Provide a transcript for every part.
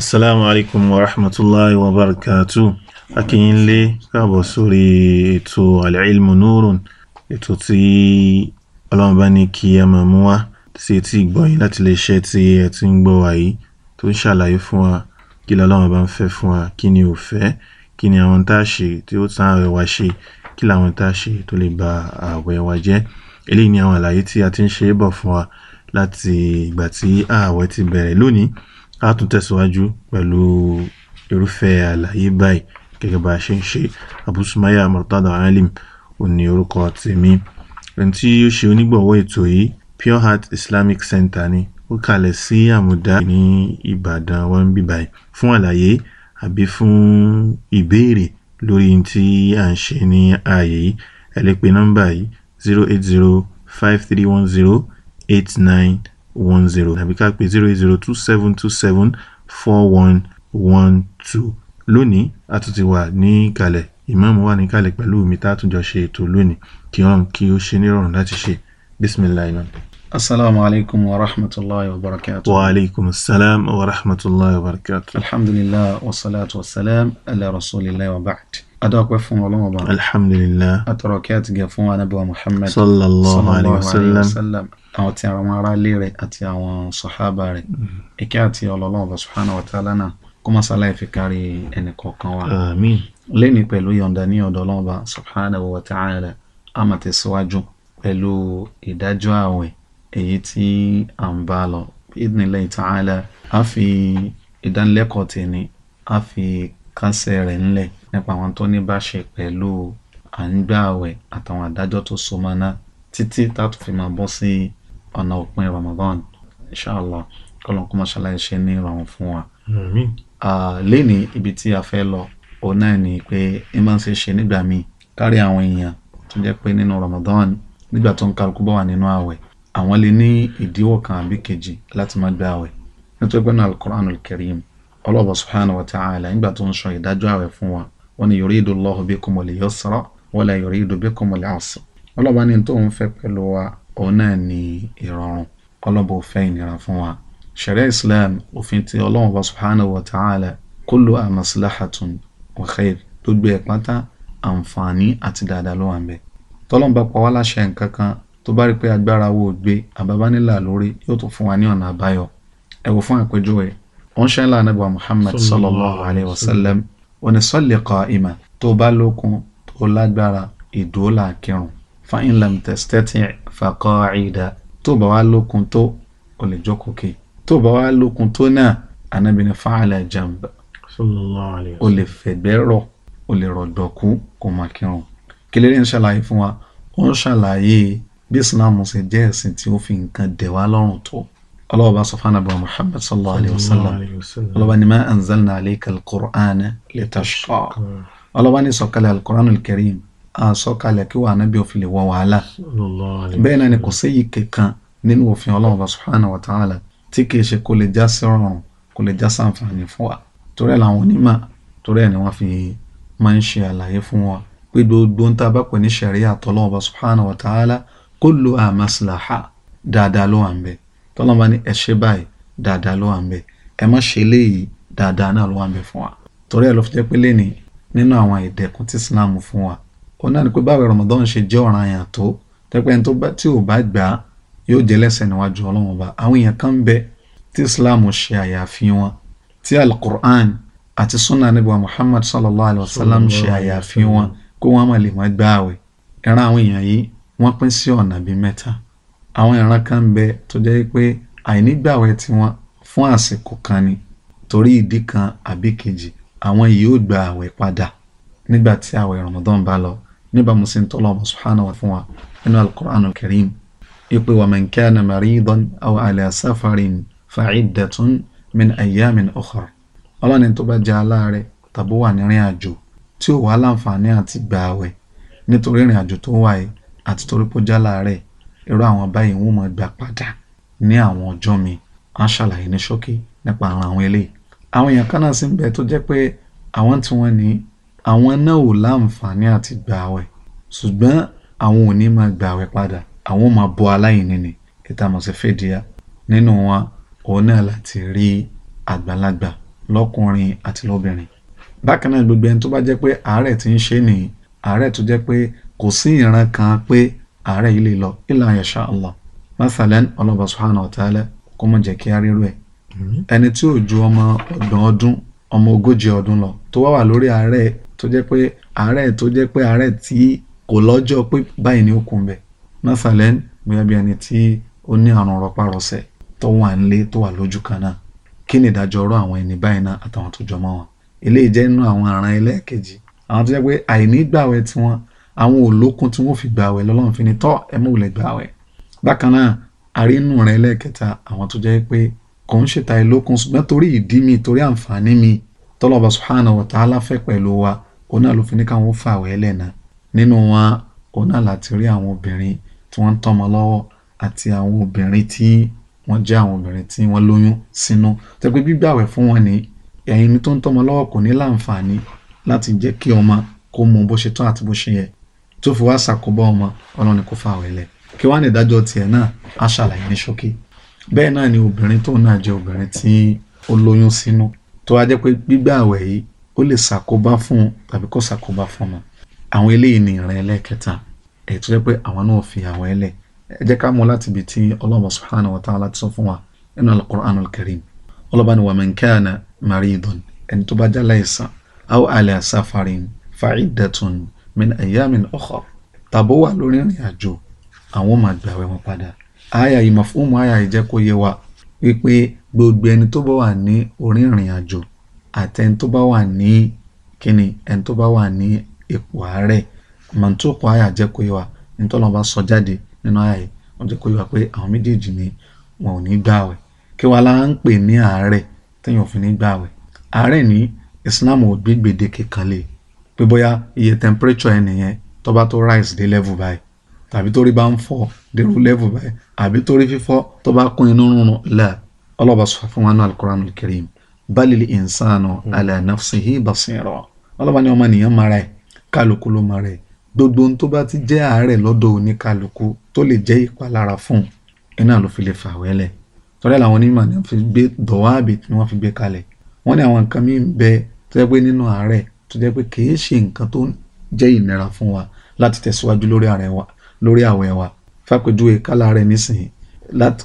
asalaamu alaykum wa rahmatulahi wa barakatu akínyínlé káàbọ̀ sórí ètò alilmu nurun ètò tí ọlọ́run bá ní kí ẹ máa mú wá sí etí ìgbọ̀yìn láti lè ṣe tí ẹ ti ń gbọ́ wàyí tó ń ṣàlàyé fún wa kí lọ́lọ́run bá ń fẹ́ fún wa kí ni ò fẹ́ kí ni àwọn tá a ṣe tí ó tán ààrẹ wa ṣe kí làwọn tá a ṣe tó lè ba ààwẹ̀ wa jẹ́ eléyìí ni àwọn àlàyé tí a ti ń ṣe é bọ̀ fún wa láti ìgbà tí ààwẹ̀ ti bẹ̀rẹ̀ lónìí a tún tẹ̀síwájú pẹ̀lú irúfẹ́ àlàyé báyìí gẹ́gẹ́ bá a ṣe ń ṣe Abu Sumayya Murtada Alim ò orúkọ tèmi ẹni tí ó ṣe onígbọ̀wọ́ ètò yìí Pure Heart Islamic Center ni ó kalẹ̀ sí àmúdá ní Ìbàdàn wa ń bí báyìí fún àlàyé àbí fún ìbéèrè lórí ohun tí à ń ṣe ní ààyè yìí ẹ lè pe nọ́mbà yìí zero eight zero five three one zero eight nine one zero tàbí ká pè zero zero two seven two seven four one one two lónìí a tún ti wà ní kalẹ̀ ìmáàmù wà ní kalẹ̀ pẹ̀lú mi tá a tún jọ ṣe ètò lónìí kí ọ̀run kí ó ṣe nírọ̀rùn láti ṣe bisimilayi náà. asalaamu wa rahmatulahi wa barakatu. wa aleykum salaam wa rahmatulahi wa barakatu. alhamdulilah wa salatu wa salaam ala rasulillahi wa ba'd adáwọ̀pẹ́ fún ọlọ́run ọba. alhamdulilah. atọrọ kí a ti gẹ fún anabiwa muhammed. sallallahu alayhi wa sallam. àwọn tí àwọn ará ilé rẹ̀ àti àwọn sọ̀hábà rẹ̀. Mm-hmm. ìkẹ́ àti ọlọ́run ọba subhanahu wa ta'ala náà kó má sáláì fi kárí ẹnì kọ̀ọ̀kan wa. àmín. lẹ́ni pẹ̀lú yọ̀ǹda ní ọ̀dọ̀ ọlọ́run ọba subhanahu wa ta'ala a máa tẹ̀síwájú pẹ̀lú ìdájọ́ àwẹ̀ èyí tí à ń bá lọ. idnillahi ta'ala kásẹ̀ rẹ̀ ńlẹ̀ nípa àwọn tó ní bá ṣe pẹ̀lú à ń gbà àwẹ̀ àtàwọn àdájọ́ tó so mọ́ títí tá tó fi máa bọ́ sí ọ̀nà òpin Ramadan inshallah kọ́lọ́n kó mọ́ṣáláì ṣe ní ìrọ̀rùn fún wa. lẹ́ni ibi tí a fẹ́ lọ òun náà ni pé ẹ máa ń ṣe ṣe nígbà míì kárí àwọn èèyàn tó jẹ́ pé nínú Ramadan nígbà tó ń kálukú bá wà nínú àwẹ̀ àwọn lè ní ìdíwọ́ kan àbí kejì láti má gbà àwẹ̀ nítorí pé náà Al-Qur'anul ọlọ́ọ̀bà subhanahu wa ta'ala nígbà tó ń sọ ìdájọ́ àwẹ̀ fún wa wọ́n ní yuridu Allahu bikumul yusra wala yuridu bikumul usra ọlọ́ọ̀bà ní tó ń fẹ́ pẹ̀lú wa òun náà ní ìrọ̀rùn ọlọ́ọ̀bà ò fẹ́ ìnira fún wa sharia islam òfin ti ọlọ́ọ̀bà subhanahu wa ta'ala kullu amaslahatun wa khair gbogbo ẹ̀ pátá àǹfààní àti dáadáa ló wà ń bẹ̀ tọ́lọ́n wọ́n ṣe ńlá anábìwá muhammad sallallahu alayhi wa sallam wọ́n ní salli qa'ima tó bá lókun tó lágbára ìdúró là kírun fa in lam tastati' fa qa'ida tó bá wá lókun tó o lè jókòó kí tó bá wá lókun tó náà anábì ní fa ala janb o lè fẹ̀gbẹ́ rọ̀ o lè rọ̀gbọ̀kú kó máa kírun kílẹ̀ ń ṣàlàyé fún wa ó ń ṣàlàyé bí islam ṣe jẹ́ ẹ̀sìn tí ó fi nǹkan dẹ̀ lọ́rùn tó ọlọ́ọ̀bá sọ fún anábọ̀ muhammad sallallahu alayhi wa sallam ọlọ́ọ̀bá ni ma anzalna alayka al-Qur'ana litashqa ọlọ́ọ̀bá ni sọ̀kalẹ̀ al-Qur'an al-Karim àsọ̀kalẹ̀ kí wàá nábì òfin lè wọ wàhálà bẹ́ẹ̀ náà ni kò séyìí kankan nínú òfin ọlọ́ọ̀bá subhanahu wa ta'ala tí kìí ṣe kó lè já sí rọrùn kó lè já sàǹfààní fún wa torí ẹ̀ làwọn onímọ̀ torí ẹ̀ ni wọ́n fi máa ń ṣe àlàyé fún wa pé gbogbo ń tá a bá pè ní ṣẹ̀ríà tọ́lọ́ọ̀bá subhanahu wa ta'ala kullu maslaha dáadáa ló wà ń bẹ́ẹ̀ tọ́lọ́n bá ní ẹ ṣe báyìí dáadáa ló wà ń bẹ̀ ẹ má ṣe eléyìí dáadáa náà ló wà ń bẹ̀ fún wa torí ẹ lọ fi jẹ́ pé lé ní nínú àwọn ìdẹ̀kùn tí Islam fún wa ó náà ni pé báwo Ramadan ṣe jẹ́ ọ̀ràn àyàn tó tẹ́pẹ́ ẹni tí ò bá gbà á yóò jẹ́ lẹ́sẹ̀ níwájú Ọlọ́run ọba àwọn èèyàn kan ń bẹ tí Islam ṣe àyàfi wọn tí Al-Qur'an àti sunna níbi Muhammad sallallahu alayhi wa sallam ṣe àyàfi wọn kó wọn má lè má gbààwẹ̀ ẹran àwọn àwọn ìran kan bẹ tó jẹ́ pé àìnígbàwẹ̀ tiwọn fún àsìkò kan ni torí ìdí kan àbí kejì àwọn yìí ó gba àwẹ̀ padà nígbà tí àwẹ̀ Ramadan bá lọ nígbà mo sì ń tọ́lọ̀ ọmọ subhanahu wa fún wa nínú al-Qur'an al-Karim ipe wa man kana maridan aw ala safarin fa iddatun min ayyamin ukhra ọlọ́ni tó bá jẹ́ aláàárẹ̀ tàbí wà nírìn àjò tí ò wá láǹfààní àti gba àwẹ̀ nítorí ìrìn àjò tó wà àti torí pé irú àwọn báyìí wọ́n máa gbà padà ní àwọn ọjọ́ mi á ṣàlàyé ní ṣókí nípa ara àwọn eléyìí. àwọn èèyàn kan náà sì ń bẹ tó jẹ́ pé àwọn tí wọ́n ní àwọn náà ò láǹfààní àti gbààwẹ̀ ṣùgbọ́n àwọn ò ní máa gbààwẹ̀ padà àwọn ò máa bọ aláìní ni ìtàmọ̀sí fèdíà nínú wọn òun náà láti rí àgbàlagbà lọ́kùnrin àti lóbìnrin bákan náà gbogbo ẹni tó bá jẹ́ pé àárẹ̀ ti ń ṣe nìyí àárẹ̀ tó jẹ́ pé kò sí ìran kan pé àárẹ̀ yìí lè lọ ilà yasha Allah masalan ọlọ́ba subhanahu wa ta'ala kó mọ̀ jẹ́ kí á rírú ẹ̀ mm-hmm. ẹni tí ò ju ọmọ ọgbọ̀n ọdún ọmọ ogójì ọdún lọ tó wá wà lórí àárẹ̀ tó jẹ́ pé àárẹ̀ tó jẹ́ pé àárẹ̀ tí kò lọ́jọ́ pé báyìí ni ó kùn bẹ̀ masalan bóyá bí ẹni tí ó ní àrùn rọpárọsẹ̀ tó wà nílé tó wà lójú kan náà kí ni ìdájọ́ ọ̀rọ̀ àwọn ẹni báyìí náà àtàwọn tó jọmọ́ wọn eléyìí jẹ́ nínú àwọn àrùn ẹlẹ́ẹ̀kejì àwọn tó jẹ́ pé àìnígbàwẹ̀ tiwọn àwọn olókun tí wọ́n fi gbààwẹ̀ lọ́lọ́run fi ni tọ́ ẹ mú ilẹ̀ gbààwẹ̀ bákan náà àrínú rẹ̀ lẹ́ẹ̀kẹta àwọn tó jẹ́ pé kò ń ṣètà ìlókun ṣùgbọ́n torí ìdí mi torí àǹfààní mi tọ́lọ́ba subhanahu wa ta'ala fẹ́ wa òun náà ló fi ní káwọn fà wẹ́ lẹ́nà nínú wọn òun náà láti rí àwọn obìnrin tí wọ́n ń tọ́mọ lọ́wọ́ àti àwọn obìnrin tí wọ́n jẹ́ àwọn obìnrin tí wọ́n lóyún sínú tó pé gbígbàwẹ̀ fún wọn ni ẹ̀yin tó ń tọ́mọ lọ́wọ́ kò ní láǹfààní láti jẹ́ kí ọmọ kó mu bó ṣe tọ́ àti bó ṣe yẹ tó fi wá ṣàkóbá ọmọ ọlọ́run ni kó fà wọ́n lẹ̀ kí wọ́n á ní ìdájọ́ tiẹ̀ náà á ṣàlàyé ní ṣókí bẹ́ẹ̀ náà ni obìnrin tóun náà jẹ́ obìnrin tí ó lóyún sínú tó wá jẹ́ pé gbígbà àwẹ̀ yìí ó lè ṣàkóbá fún un tàbí kó ṣàkóbá fún ọmọ àwọn eléyìí ni ìran ẹlẹ́ẹ̀kẹta èyí tó jẹ́ pé àwọn náà fi àwọn ẹlẹ̀ ẹ jẹ́ ká mú láti ibi tí Ọlọ́hun min ayamin ukhra tàbó wà lórí ìrìn àjò àwọn máa gbààwẹ̀ wọn padà àyà yìí mafhumu àyà yìí jẹ́ kó yé wa wípé gbogbo ẹni tó bá wà ní orí ìrìn àjò àtẹni tó bá wà ní kíni ẹni tó bá wà ní ipò àárẹ̀ màtúkọ̀ àyà jẹ́ kó yé wa nítorí wọn bá sọ jáde nínú àyà yìí wọn jẹ́ kó yé wa pé àwọn méjèèjì ni wọn ò ní gbààwẹ̀ kí wàá la ń pè ní àárẹ̀ téèyàn ò fi ní gbààwẹ̀ àárẹ̀ ní Islam ò gbé gbèdéke kan lé pé bóyá iye temperature ẹni yẹn tó bá tó rise dé level báyìí tàbí torí bá ń fọ́ dérú level báyìí àbí torí fífọ́ tó bá kún inú rúnrún là ọlọ́ba sọ fún wa ní alukoran al-karim balil insanu ala nafsihi basira ọlọ́ba ní ọmọ nìyẹn mara ẹ̀ kálukú ló mara ẹ̀ gbogbo ohun tó bá ti jẹ́ àárẹ̀ lọ́dọ̀ oníkálukú tó lè jẹ́ ìpalára fún iná ló fi lè fà wẹ́lẹ̀ torí àwọn onímọ̀ ni wọ́n fi gbé dọ̀wáàbì tí wọ́n fi gbé kalẹ̀ wọ́n ní àwọn nǹkan míì ń bẹ tó nínú àárẹ̀ tó jẹ́ pé kìí ṣe nǹkan tó jẹ́ ìnira fún wa láti tẹ̀síwájú lórí àwẹ̀ wa fàpèjúwe kálá rẹ̀ nísìnyí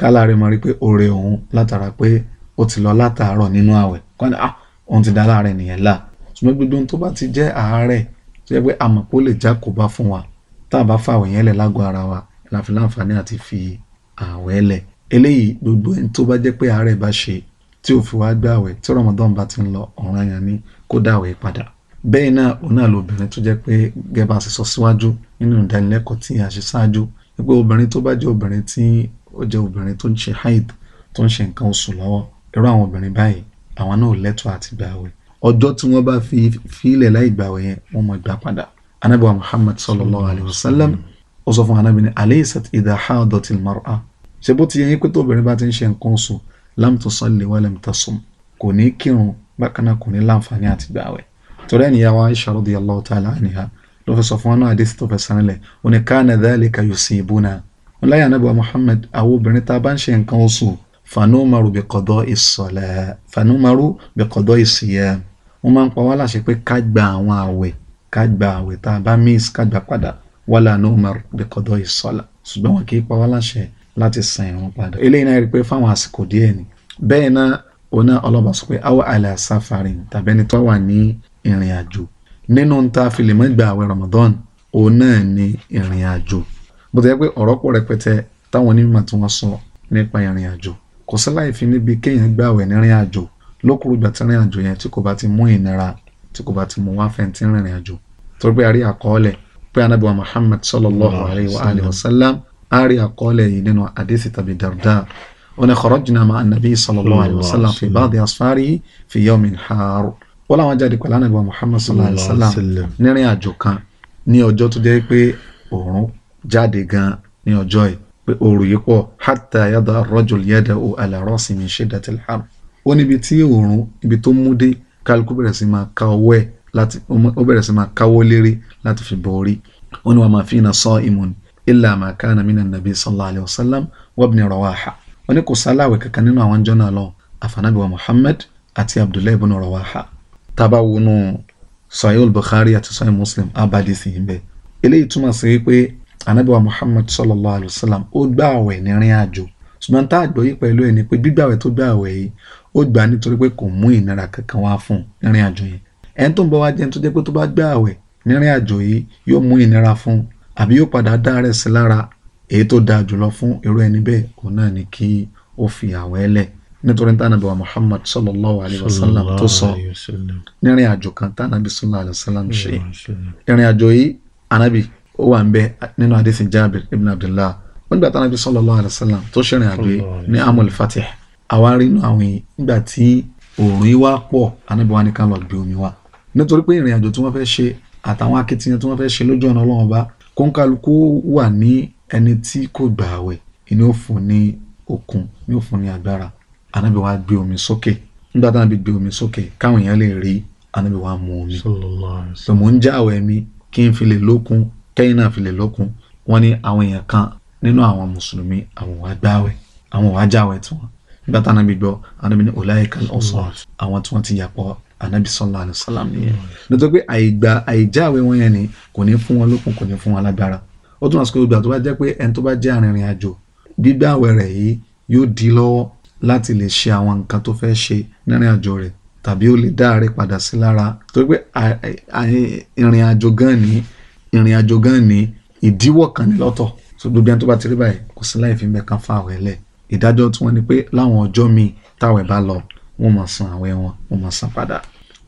kálá rẹ̀ máa rí pé oore òun látara pé ó ti lọ látàárọ̀ nínú àwẹ̀ kọ́ni ah òun ti dá láàrẹ̀ nìyẹn là ṣùgbọ́n gbogbo tó bá ti jẹ́ àárẹ̀ tó jẹ́ pé àmọ̀ pé ó lè já kó bá fún wa tá a bá fàwẹ̀ yẹn lẹ̀ lágọ̀ ara wa la fi láǹfààní àti fi àwẹ̀ lẹ̀ eléyìí gbogbo ẹni tó bá jẹ́ pé àárẹ̀ bá ṣe tí ò fi wá gbàwẹ̀ tí Ramadan bá ti ń lọ ọ̀ranyàn ni kó dáwẹ̀ padà bẹ́ẹ̀ náà òun náà lóbìnrin tó jẹ́ pé gẹ́gẹ́ bá a ṣe sọ síwájú nínú ìdánilẹ́kọ̀ọ́ tí a ṣe ṣáájú pé obìnrin tó bá jẹ́ obìnrin tí ó jẹ́ obìnrin tó ń ṣe haid tó ń ṣe nǹkan oṣù lọ́wọ́ irú àwọn obìnrin báyìí àwọn náà ò lẹ́tọ̀ọ́ àti gbààwẹ̀ ọjọ́ tí wọ́n bá fi fílẹ̀ láì gbààwẹ̀ yẹn wọ́n máa gbà padà anabi wa sallallahu alayhi wa sallam ó sọ fún anabi ní alaysat torí ẹni yà wá Aisha radiyallahu ta'ala anha ló fi sọ fún wọn náà àdìsí tó fẹsẹ̀ nílẹ̀ ó ní kana dhalika yusibuna wọn láyà anábìwá Muhammad àwọn obìnrin tá a bá ń ṣe nǹkan oṣù fanumaru bi qada'i salat fanumaru bi qada'i siyam wọn máa ń pa wá láṣẹ pé ká gba àwọn àwẹ̀ ká gba àwẹ̀ tá a bá miss ká gbà padà wala numaru bi qada'i salat ṣùgbọ́n wọn kì í pa wá láṣẹ láti san ìrun padà ìrìn àjò nínú ta fi lè mọ́ gba àwẹ̀ Ramadan òun náà ni ìrìn àjò bó ti yẹ pé ọ̀rọ̀ pọ̀ rẹpẹtẹ táwọn onímọ̀ tí wọ́n sọ nípa ìrìn àjò kò sí láì fi níbi kéèyàn gba àwẹ̀ nírìn àjò lókùrúgbà tí ìrìn àjò yẹn tí kò bá ti mú ìnira tí kò bá ti mú wá fẹ́ntì ìrìn àjò torí pé a rí àkọọ́lẹ̀ pé anábìwá Muhammad sallallahu alayhi wa alihi wa sallam a rí àkọọ́lẹ̀ yìí nínú àdéhìí tàbí Darda ó ní kharajna ma'a an sallallahu alayhi wa sallam fi ba'di asfarihi fi yawmin har wọ́n làwọn jáde pẹ̀lú ànábì muhammad sallallahu alayhi wa sallam nírìn àjò kan ní ọjọ́ tó jẹ́ pé òòrùn jáde gan ní ọjọ́ yìí pé òòrùn yìí pọ̀ hatta yada ar-rajul yadahu ala ra'si min shiddati al-har ó níbi tí òòrùn ibi tó mú dé kálukú bẹ̀rẹ̀ sí máa ká ọwọ́ ẹ̀ láti ó bẹ̀rẹ̀ sí máa káwọ́ lérí láti fi bọ̀ orí ó ní wa ma fina sa'imun illa ma kana mina nabi sallallahu alayhi wa sallam wa ibn rawaha ó tábà wọnú sahih bukhari àti sahih muslim abadi sì ń bẹ eléyìí túmọ̀ sí pé anabiwa muhammad sallallahu alayhi wa sallam ó gbà àwẹ̀ nírìn àjò ṣùgbọ́n tá àgbọ̀ yìí pẹ̀lú ẹ̀ ni pé gbígbà àwẹ̀ tó gbà àwẹ̀ yìí ó gbà á nítorí pé kò mú ìnira kankan wá fún un nírìn àjò yìí ẹni tó ń bọ̀ wá jẹun tó jẹ́ pé tó bá gbà àwẹ̀ nírìn àjò yìí yóò mú ìnira fún àbí yóò padà dá rẹ̀ sí lára èyí tó dáa jùlọ fún irú ẹni bẹ́ẹ̀ òun náà ni kí ó fi àwẹ̀ lẹ̀ nítorí tánà bí wa muhammad sallallahu alayhi wa sallam tó sọ nírìn àjò kan tánà bí sallallahu alayhi wa sallam ṣe ìrìn àjò yìí anabi ó wà ń bẹ nínú hadith jabir ibn abdullah wọn gbà tánà bí sallallahu alayhi wa sallam tó ṣèrìn àjò yìí ní amul fatih àwa rí inú àwọn yìí nígbà tí òòrùn yìí wá pọ̀ anabi wa ní ká lọ gbé omi wá nítorí pé ìrìn àjò tí wọ́n fẹ́ ṣe àtàwọn akitiyan tí wọ́n fẹ́ ṣe lójú ọ̀nà ọlọ́run ọba kóńkálukú wà ní ẹni tí kò gbààwẹ̀ ni ó fún ní okun ni ó ní agbára anábì wa gbé omi sókè nígbà tí anábì gbé omi sókè káwọn èèyàn lè rí anábì wa mu omi tòmò ń já àwẹ̀ mi kí n fi lè lókun kẹ́yìn náà fi lè lókun wọ́n ní àwọn èèyàn kan nínú àwọn mùsùlùmí àwọn wàá gbáwẹ̀ àwọn wàá jáwẹ̀ tiwọn nígbà tí anábì gbọ́ anábì ní ọláyíká ọ̀sán àwọn tí wọ́n ti yàpọ̀ anabi sallallahu alayhi wa nìyẹn nítorí pé àìgbà àìjáwé wọn yẹn ni kò ní fún wọn lókun kò ní fún wọn lágbára ó tún àsìkò ìgbà tó bá jẹ́ pé ẹni tó bá jẹ́ arìnrìn àjò gbígbàwẹ̀ rẹ̀ yìí yóò di lọ́wọ́ láti lè ṣe àwọn nǹkan tó fẹ́ ṣe nírìn àjò rẹ̀ tàbí ó lè dá àárẹ̀ padà sí lára torí pé ìrìn àjò gan ni ìrìn àjò gan ni ìdíwọ́ kan ní lọ́tọ̀ so gbogbo ẹni tó bá ti rí báyìí kò sí láì fi mẹ́ka fa àwẹ̀ lẹ̀ ìdájọ́ tí wọ́n ní pé láwọn ọjọ́ míì táwẹ̀ bá lọ wọ́n máa san àwẹ̀ wọn wọ́n máa san padà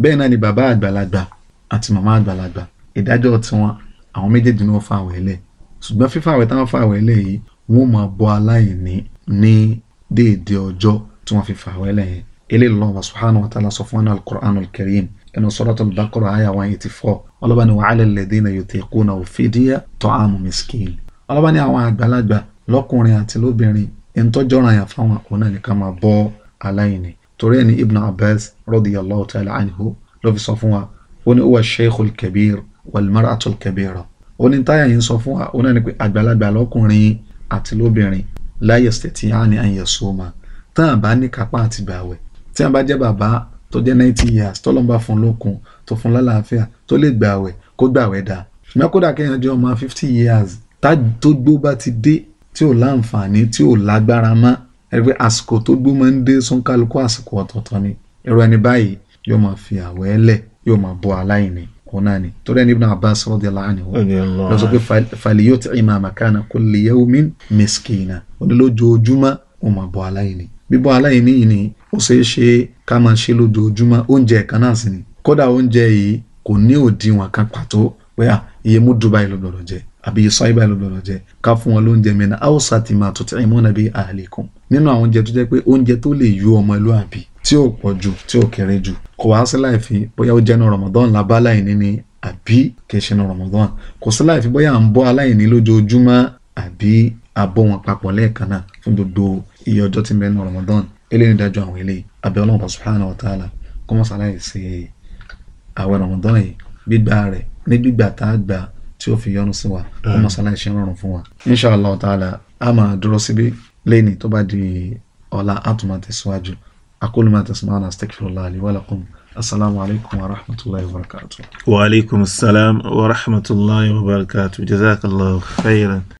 bẹ́ẹ̀ náà ni bàbá àgbàlagbà àti màmá àgbàlagbà ìdájọ́ tiwọn àwọn méjèèjì ni wọ́n fa àwẹ̀ lẹ̀ ṣùgbọ́n fífa táwọn fa àwẹ̀ lẹ̀ yìí wọ́n máa bọ́ aláìní ní déédé ọjọ́ tí wọ́n fi fà wẹ́lẹ̀ yẹn eléyìí lọ́wọ́ subhanahu wa ta'ala sọ fún wọn al-Qur'an al-Karim inú suratul Baqara àyà one eighty four ọlọ́ba ni wa 'ala alladhina yutiqunahu fidya ta'amu miskin ọlọ́ba ni àwọn àgbàlagbà lọ́kùnrin àti lóbìnrin ìtọ́jọ́ra yẹn fáwọn òun náà nìkan máa bọ́ aláìní torí ẹni Ibn Abbas radiyallahu ta'ala anhu ló fi sọ fún wa ó ní huwa sheikhul kabir wal mar'atul la yastati'ani an yasuma tán àbá ní kápá àti gbàwẹ̀ tí wọn bá jẹ́ bàbá tó jẹ́ ninety years tọ́lọ́n bá fún lókun tó fún lálàáfíà tó lè gbàwẹ̀ kó gbàwẹ̀ dáa ṣùgbọ́n kódà kéèyàn jẹ́ ọmọ fifty years tó gbó bá ti dé tí ò láǹfààní tí ò lágbára mọ́ ẹ pé àsìkò tó gbó máa ń dé sọ́nkálukú àsìkò ọ̀tọ̀ọ̀tọ̀ ni ẹ̀rọ ẹni báyìí yóò máa fi àwẹ̀ lẹ̀ yóò máa bọ́ aláìní onani torí ẹni ibn abbas radiyallahu anhu lọ sọ pé falyut'ima makana kulli yawmin miskina ó ní lójoojúmọ́ ó máa bọ́ aláìní bíbọ́ aláìní yìí ni ó ṣeé ṣe ká máa ṣe lójoojúmọ́ oúnjẹ kan náà sì ni kódà oúnjẹ yìí kò ní òdiwọ̀n kan pàtó pé à ah, iye múdù báyìí ló gbọ́dọ̀ jẹ àbí iye sọ́ọ́ báyìí ló gbọ́dọ̀ jẹ ká fún wọn lóúnjẹ min awsati ma tut'imuna bi ahlikum nínú àwọn oúnjẹ tó jẹ́ pé oúnjẹ tó lè yó ọmọlúàbí tí ò pọ̀ jù tí ò kéré jù kò wá sí láì bóyá ó jẹ́nu Ramadan la bá aláìní ni àbí kì í Ramadan kò sí láì fi bóyá à ń bọ́ aláìní lójoojúmọ́ àbí abọ́ wọn papọ̀ lẹ́ẹ̀kan náà fún gbogbo iye ọjọ́ tí ń bẹ nu Ramadan eléyìí dájú àwọn eléyìí àbẹ̀ Ọlọ́run subhanahu wa ta'ala kó mọ̀ sáláì sí àwẹ̀ Ramadan yìí gbígbà rẹ̀ ní gbígbà tá a gbà tí ó fi yọ́nú sí wa kó mọ̀ sáláì ṣe rọrùn fún wa insha Allah ta'ala a máa dúró síbí lẹ́ni tó bá di ọ̀la àtúmọ̀ tẹ̀síwájú aqulu ma tasma'una astaghfirullah li wa lakum السلام عليكم ورحمة الله وبركاته وعليكم السلام ورحمة الله وبركاته جزاك الله خيرا